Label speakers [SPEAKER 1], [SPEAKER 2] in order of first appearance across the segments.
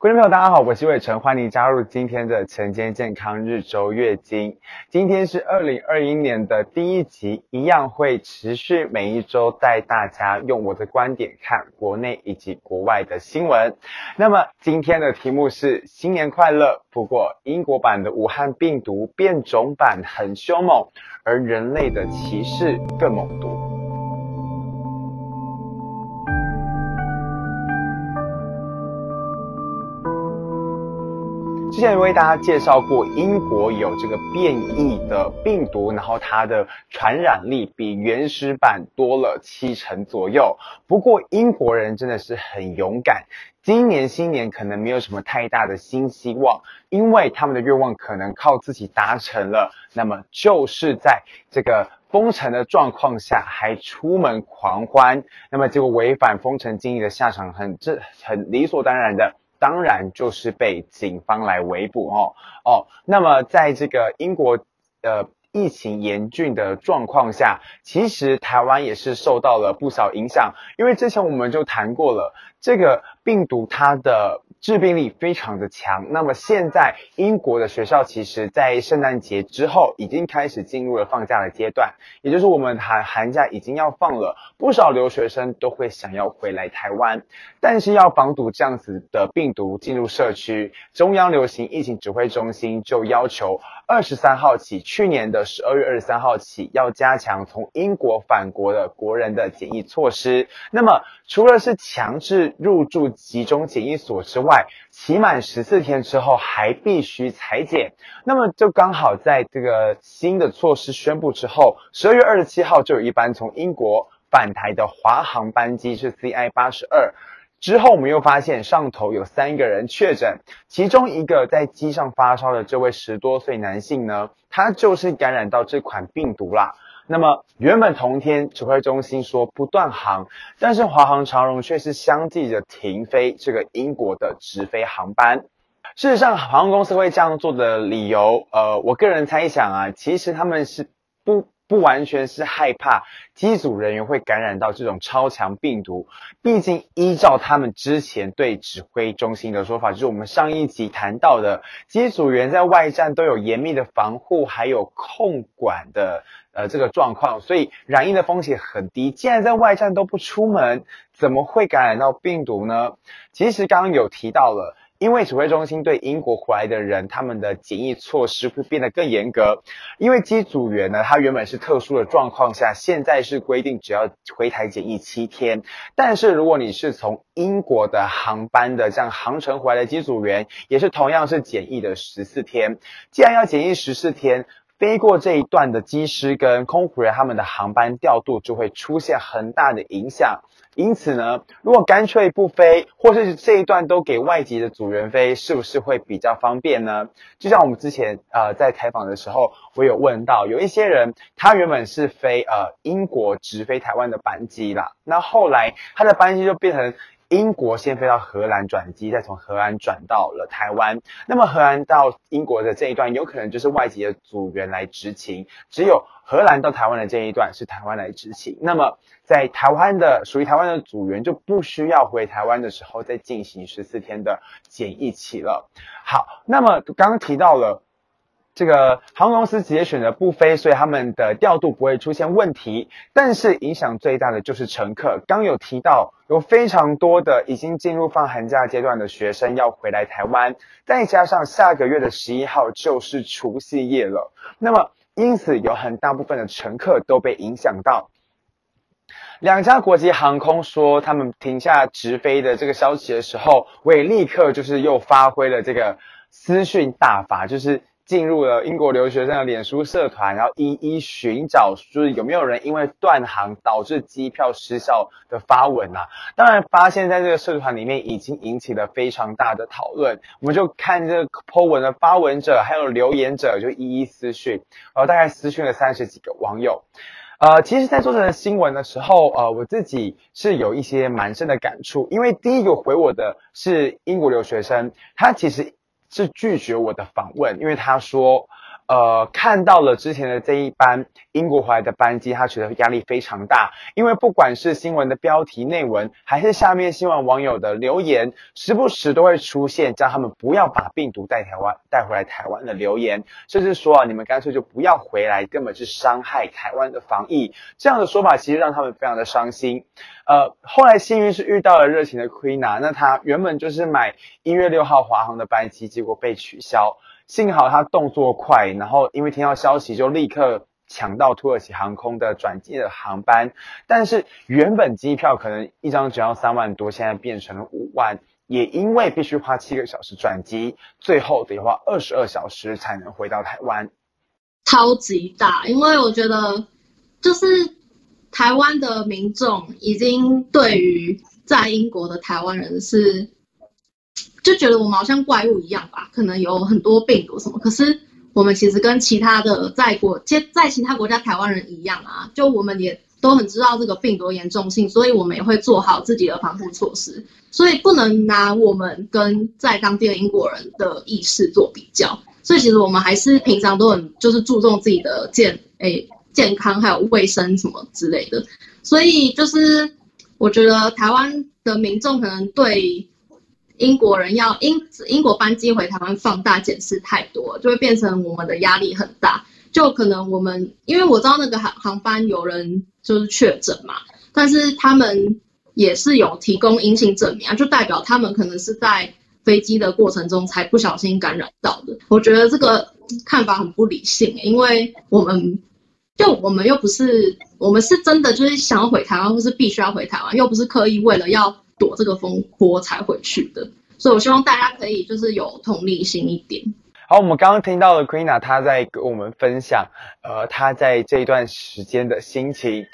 [SPEAKER 1] 觀眾朋友，大家好，我是魏晨，歡迎加入今天的晨間健康日周月經。今天是二零二一年的第一集，一樣會持續每一周帶大家用我的觀點看國內以及國外的新聞。那麼今天的題目是新年快樂，不過英國版的武漢病毒變種版很凶猛，而人類的歧視更猛毒。之前為大家介紹過，英國有這個變異的病毒，然後它的傳染力比原始版多了七成左右。不過英國人真的是很勇敢，今年新年可能沒有什麼太大的新希望，因為他們的願望可能靠自己達成了。那麼就是在這個封城的狀況下還出門狂歡，那麼結果違反封城禁令的下場很這很理所當然的。當然就是被警方來圍捕哦哦。那麼在這個英國呃疫情嚴峻的狀況下，其實台灣也是受到了不少影響，因為之前我們就談過了這個病毒它的。致病力非常的強。那麼現在英國的學校其實，在聖誕節之後已經開始進入了放假的階段，也就是我們寒寒假已經要放了。不少留學生都會想要回來台灣，但是要防堵這樣子的病毒進入社區，中央流行疫情指揮中心就要求。二十三號起，去年的十二月二十三號起，要加強從英國返國的國人的檢疫措施。那麼，除了是強制入住集中檢疫所之外，期滿十四天之後還必須採檢。那麼，就剛好在這個新的措施宣布之後，十二月二十七號就有一班從英國返台的華航班機是 CI 八十二。之後，我們又發現上頭有三個人確診，其中一個在機上發燒的這位十多歲男性呢，他就是感染到這款病毒啦。那麼，原本同天指揮中心說不斷航，但是華航、長榮卻是相繼的停飛這個英國的直飛航班。事實上，航空公司會這樣做的理由，呃，我個人猜想啊，其實他們是不。不完全是害怕機組人員會感染到這種超強病毒。畢竟依照他們之前對指揮中心的說法，就是我們上一集談到的，機組員在外站都有嚴密的防護，還有控管的呃這個狀況，所以染疫的風險很低。既然在外站都不出門，怎麼會感染到病毒呢？其實剛剛有提到了。因為指揮中心對英國回來的人，他們的檢疫措施會變得更嚴格。因為機組員呢，他原本是特殊的狀況下，現在是規定只要回台檢疫七天。但是如果你是從英國的航班的，像航程回來的機組員，也是同樣是檢疫的十四天。既然要檢疫十四天，飛過這一段的機師跟空服員，他們的航班調度就會出現很大的影響。因此呢，如果乾脆不飛，或是這一段都給外籍的組員飛，是不是會比較方便呢？就像我們之前呃在採訪的時候，我有問到，有一些人他原本是飛呃英國直飛台灣的班機啦，那後來他的班機就變成。英國先飛到荷蘭轉機，再從荷蘭轉到了台灣。那麼荷蘭到英國的這一段，有可能就是外籍的組員來執勤。只有荷蘭到台灣的這一段是台灣來執勤。那麼在台灣的，屬於台灣的組員就不需要回台灣的時候再進行十四天的檢疫期了。好，那麼剛剛提到了。這個航空公司直接選擇不飛，所以他們的調度不會出現問題。但是影響最大的就是乘客。剛有提到，有非常多的已經進入放寒假階段的學生要回來台灣，再加上下個月的十一號就是除夕夜了。那麼因此有很大部分的乘客都被影響到。兩家國籍航空說他們停下直飛的這個消息的時候，我也立刻就是又發揮了這個私訊大法，就是。進入了英國留學生的臉書社團，然後一一尋找，就是有沒有人因為斷航導致機票失效的發文啊？當然，發現在這個社團裡面已經引起了非常大的討論。我們就看這個 po 文的發文者還有留言者，就一一私訊，然後大概私訊了三十幾個網友。呃，其實，在做這個新聞的時候，呃，我自己是有一些蠻深的感觸，因為第一個回我的是英國留學生，他其實。是拒絕我的訪問，因為他說。呃，看到了之前的這一班英國回來的班機，他覺得壓力非常大，因為不管是新聞的標題、內文，還是下面新聞網友的留言，時不時都會出現叫他們不要把病毒帶台灣、帶回來台灣的留言，甚至說啊，你們乾脆就不要回來，根本是傷害台灣的防疫。這樣的說法其實讓他們非常的傷心。呃，後來幸運是遇到了熱情的 Queena，那他原本就是買一月六號華航的班機，結果被取消。幸好他動作快，然後因為聽到消息就立刻搶到土耳其航空的轉機的航班。但是原本機票可能一張只要三萬多，現在變成了五萬，也因為必須花七個小時轉機，最後得花二十二小時才能回到台灣。
[SPEAKER 2] 超級大，因為我覺得就是
[SPEAKER 1] 台灣的民
[SPEAKER 2] 眾已經對於在英國的台灣人是。就覺得我們好像怪物一樣吧，可能有很多病毒什麼。可是我們其實跟其他的在國、在其他國家台灣人一樣啊，就我們也都很知道這個病毒嚴重性，所以我們也會做好自己的防護措施。所以不能拿我們跟在當地的英國人的意識做比較。所以其實我們還是平常都很就是注重自己的健、欸、健康還有衛生什麼之類的。所以就是我覺得台灣的民眾可能對。英國人要英英國班機回台灣，放大檢視太多，就會變成我們的壓力很大。就可能我們，因為我知道那個航航班有人就是確診嘛，但是他們也是有提供陰性證明啊，就代表他們可能是在飛機的過程中才不小心感染到的。我覺得這個看法很不理性欸，因為我們就我們又不是，我們是真的就是想要回台灣，或是必須要回台灣，又不是刻意為了要。躲這個風波才回去的，所以我希望大家可以就是有同理心一點。
[SPEAKER 1] 好，我們剛剛聽到了 Queena，她在跟我們分享，呃，她在這一段時間的心情，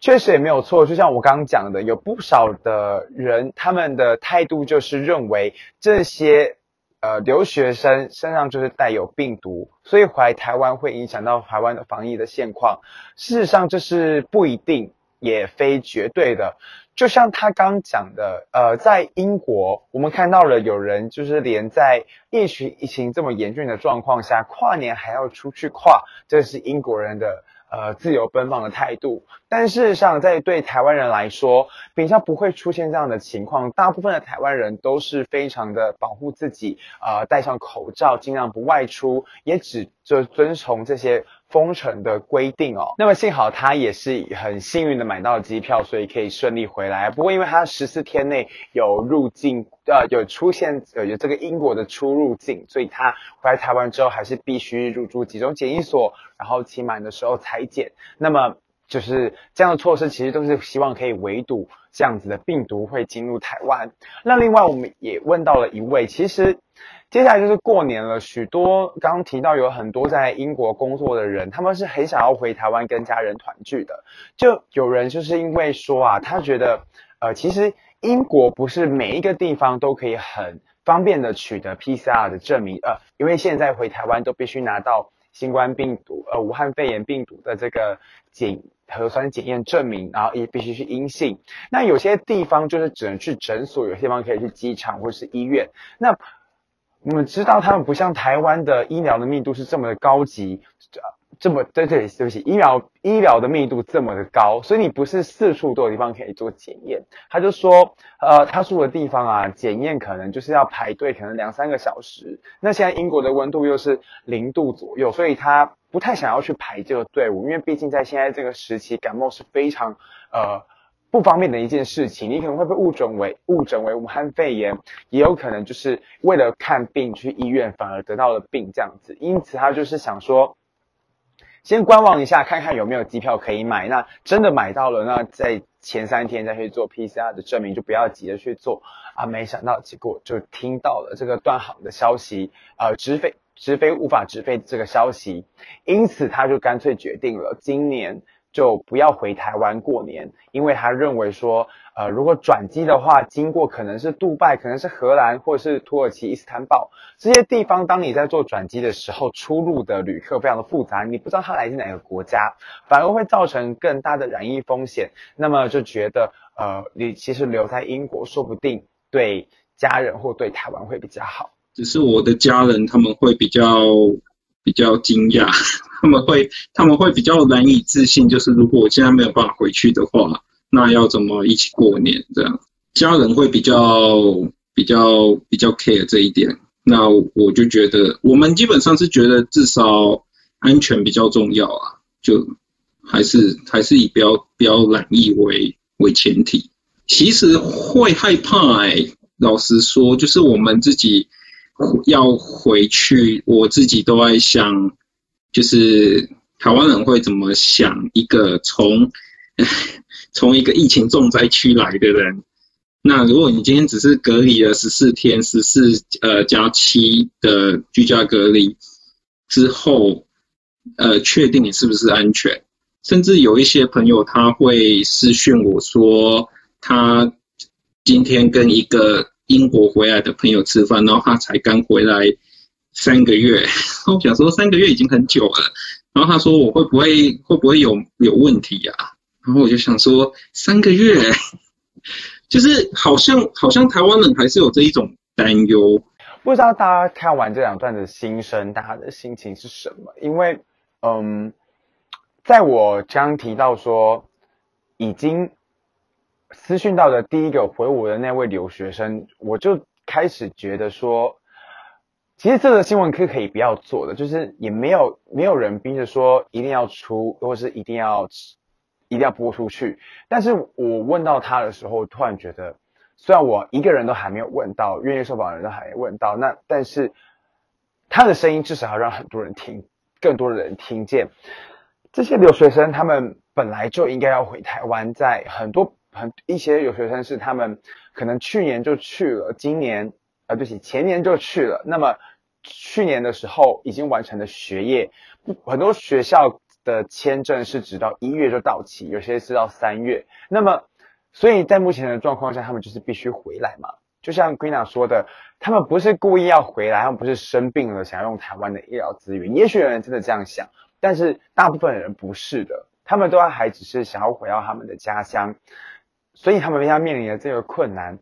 [SPEAKER 1] 確實也沒有錯。就像我剛剛講的，有不少的人他們的態度就是認為這些呃留學生身上就是帶有病毒，所以回台灣會影響到台灣的防疫的現況。事實上這是不一定。也非絕對的，就像他剛講的，呃，在英國，我們看到了有人就是連在疫情疫情這麼嚴峻的狀況下，跨年還要出去跨，這是英國人的。呃，自由奔放的態度，但事實上，在對台灣人來說，比較不會出現這樣的情況。大部分的台灣人都是非常的保護自己，啊、呃，戴上口罩，盡量不外出，也只就遵從這些封城的規定哦。那麼幸好他也是很幸運的買到了機票，所以可以順利回來。不過因為他十四天內有入境。呃，有出現有這個英國的出入境，所以他回來台灣之後，還是必須入住集中檢疫所，然後期滿的時候採檢。那麼就是這樣的措施，其實都是希望可以圍堵這樣子的病毒會進入台灣。那另外我們也問到了一位，其實接下來就是過年了，許多剛剛提到有很多在英國工作的人，他們是很想要回台灣跟家人團聚的。就有人就是因為說啊，他覺得呃，其實。英國不是每一個地方都可以很方便的取得 PCR 的證明，呃，因為現在回台灣都必須拿到新冠病毒，呃，武漢肺炎病毒的這個檢核酸檢驗證明，然後也必須是陰性。那有些地方就是只能去診所，有些地方可以去機場或是醫院。那我們知道他們不像台灣的醫療的密度是這麼的高級。呃這麼對，對對對不起，醫療醫療的密度這麼的高，所以你不是四處都有地方可以做檢驗。他就說，呃，他住的地方啊，檢驗可能就是要排隊，可能兩三個小時。那現在英國的溫度又是零度左右，所以他不太想要去排這個隊伍，因為畢竟在現在這個時期，感冒是非常呃不方便的一件事情。你可能會被誤診為誤診為武漢肺炎，也有可能就是為了看病去醫院，反而得到了病這樣子。因此他就是想說。先觀望一下，看看有沒有機票可以買。那真的買到了，那在前三天再去做 PCR 的證明，就不要急着去做啊。沒想到結果就聽到了這個斷航的消息，呃、啊，直飛直飛無法直飛這個消息，因此他就乾脆決定了今年。就不要回台灣過年，因為他認為說，呃，如果轉機的話，經過可能是杜拜，可能是荷蘭，或者是土耳其伊斯坦堡這些地方，當你在做轉機的時候，出入的旅客非常的複雜，你不知道他來自哪個國家，反而會造成更大的染疫風險。那麼就覺得，呃，你其實留在英國，說不定對家人或對台灣會比較好。
[SPEAKER 3] 只是我的家人他們會比較。比較驚訝，他們會他們會比較難以置信。就是如果我現在沒有辦法回去的話，那要怎麼一起過年？這樣家人會比較比較比較 care 這一點。那我就覺得，我們基本上是覺得至少安全比較重要啊，就還是還是以不要不要染疫為為前提。其實會害怕、欸，老實說，就是我們自己。要回去，我自己都在想，就是台灣人會怎麼想一個從從一個疫情重災區來的人。那如果你今天只是隔離了十四天，十四呃，加七的居家隔離之後，呃，確定你是不是安全？甚至有一些朋友他會私訊我說，他今天跟一個。英國回來的朋友吃飯，然後他才剛回來三個月，我想說三個月已經很久了，然後他說我會不會會不會有有問題呀、啊？然後我就想說三個月，就是好像好像台灣人還是有這一種擔憂。
[SPEAKER 1] 不知道大家看完這兩段的心聲，大家的心情是什麼？因為，嗯，在我剛提到說已經。私訊到的第一個回我的那位留學生，我就開始覺得說，其實這個新聞是可以不要做的，就是也沒有沒有人逼着說一定要出，或是一定要一定要播出去。但是我問到他的時候，突然覺得，雖然我一個人都還沒有問到，願意受訪人都還沒問到，那但是他的聲音至少要讓很多人聽，更多的人聽見。這些留學生他們本來就應該要回台灣，在很多。很一些有學生是他們可能去年就去了，今年啊、呃，對不起，前年就去了。那麼去年的時候已經完成了學業，很多學校的簽證是直到一月就到期，有些是到三月。那麼，所以在目前的狀況下，他們就是必須回來嘛。就像 Queena 說的，他們不是故意要回來，他們不是生病了想要用台灣的醫療資源。也許有人真的這樣想，但是大部分人不是的，他們都還只是想要回到他們的家鄉。所以他們要面臨的這個困難，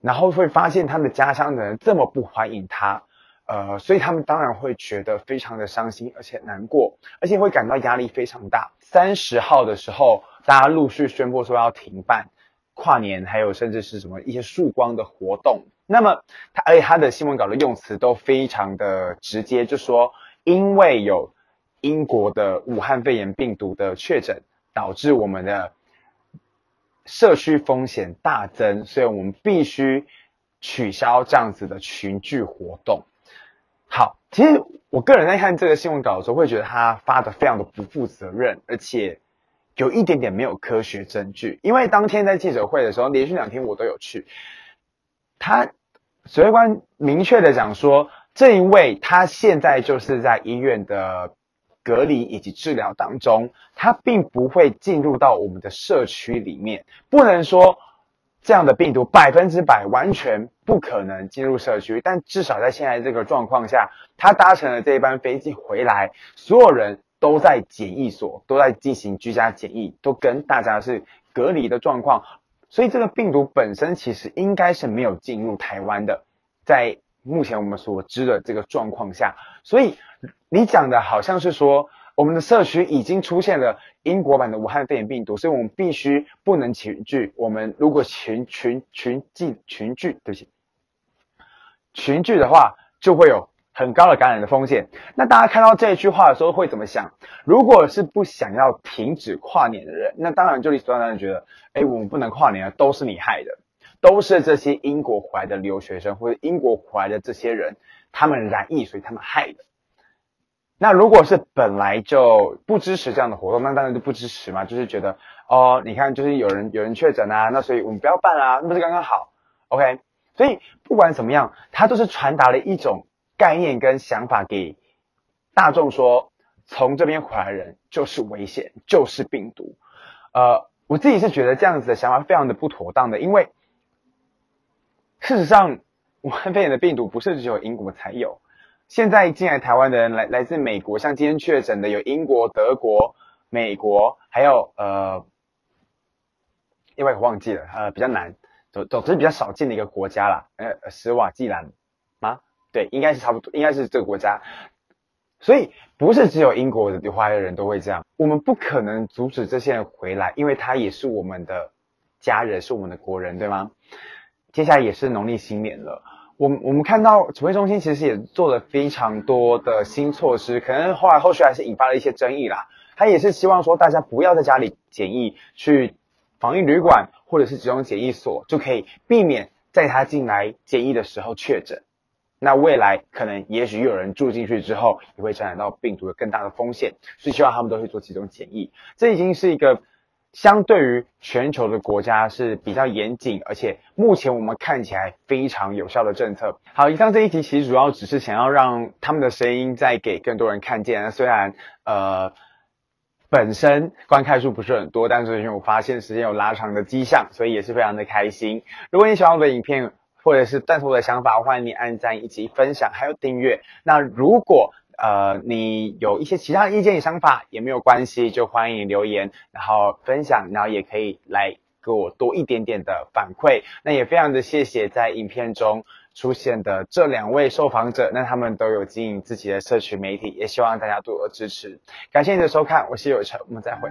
[SPEAKER 1] 然後會發現他們家鄉的人這麼不歡迎他，呃，所以他們當然會覺得非常的傷心，而且難過，而且會感到壓力非常大。三十號的時候，大家陸續宣布說要停辦跨年，還有甚至是什麼一些曙光的活動。那麼，他而且他的新聞稿的用詞都非常的直接，就說因為有英國的武漢肺炎病毒的確診，導致我們的。社區風險大增，所以我們必須取消這樣子的群聚活動。好，其實我個人在看這個新聞稿的時候，會覺得他發的非常的不負責任，而且有一點點沒有科學證據。因為當天在記者會的時候，連續兩天我都有去，他指揮官明確的講說，這一位他現在就是在醫院的。隔離以及治療當中，它並不會進入到我們的社區裡面。不能說這樣的病毒百分之百完全不可能進入社區，但至少在現在這個狀況下，它搭乘了這一班飛機回來，所有人都在檢疫所，都在進行居家檢疫，都跟大家是隔離的狀況。所以這個病毒本身其實應該是沒有進入台灣的，在。目前我們所知的這個狀況下，所以你講的好像是說，我們的社區已經出現了英國版的武漢肺炎病毒，所以我們必須不能群聚。我們如果群群群進群聚，對不起。群聚的話就會有很高的感染的風險。那大家看到這一句話的時候會怎麼想？如果是不想要停止跨年的人，那當然就理所當然覺得，哎，我們不能跨年啊，都是你害的。都是這些英國回來的留學生或者英國回來的這些人，他們染疫，所以他們害的。那如果是本來就不支持這樣的活動，那當然就不支持嘛，就是覺得哦，你看，就是有人有人確診啊，那所以我們不要辦啊，那不是剛剛好？OK，所以不管怎麼樣，他都是傳達了一種概念跟想法給大眾說，說從這邊回來的人就是危險，就是病毒。呃，我自己是覺得這樣子的想法非常的不妥當的，因為。事實上，武漢肺炎的病毒不是只有英國才有。現在進來臺灣的人來來自美國，像今天確診的有英國、德國、美國，還有呃，因為我忘記了，呃，比較難，總總之比較少見的一個國家啦，呃，史瓦濟蘭嗎？對，應該是差不多，應該是這個國家。所以不是只有英國的華人都會這樣，我們不可能阻止這些人回來，因為他也是我們的家人，是我們的國人，對嗎？接下來也是農曆新年了，我我們看到指揮中心其實也做了非常多的新措施，可能後來後續還是引發了一些爭議啦。他也是希望說大家不要在家裡檢疫，去防疫旅館或者是集中檢疫所，就可以避免在他進來檢疫的時候確診。那未來可能也許有人住進去之後，也會傳染到病毒的更大的風險，所以希望他們都去做集中檢疫。這已經是一個。相對於全球的國家是比較嚴謹，而且目前我們看起來非常有效的政策。好，以上這一題其實主要只是想要讓他們的聲音再給更多人看見。雖然呃本身觀看數不是很多，但是因為我發現時間有拉長的跡象，所以也是非常的開心。如果你喜歡我的影片或者是贊同我的想法，歡迎你按讚、以及分享還有訂閱。那如果呃，你有一些其他的意見與想法也沒有關係，就歡迎留言，然後分享，然後也可以來給我多一點點的反饋。那也非常的謝謝在影片中出現的這兩位受訪者，那他們都有經營自己的社群媒體，也希望大家多多支持。感謝你的收看，我是有成，我們再會。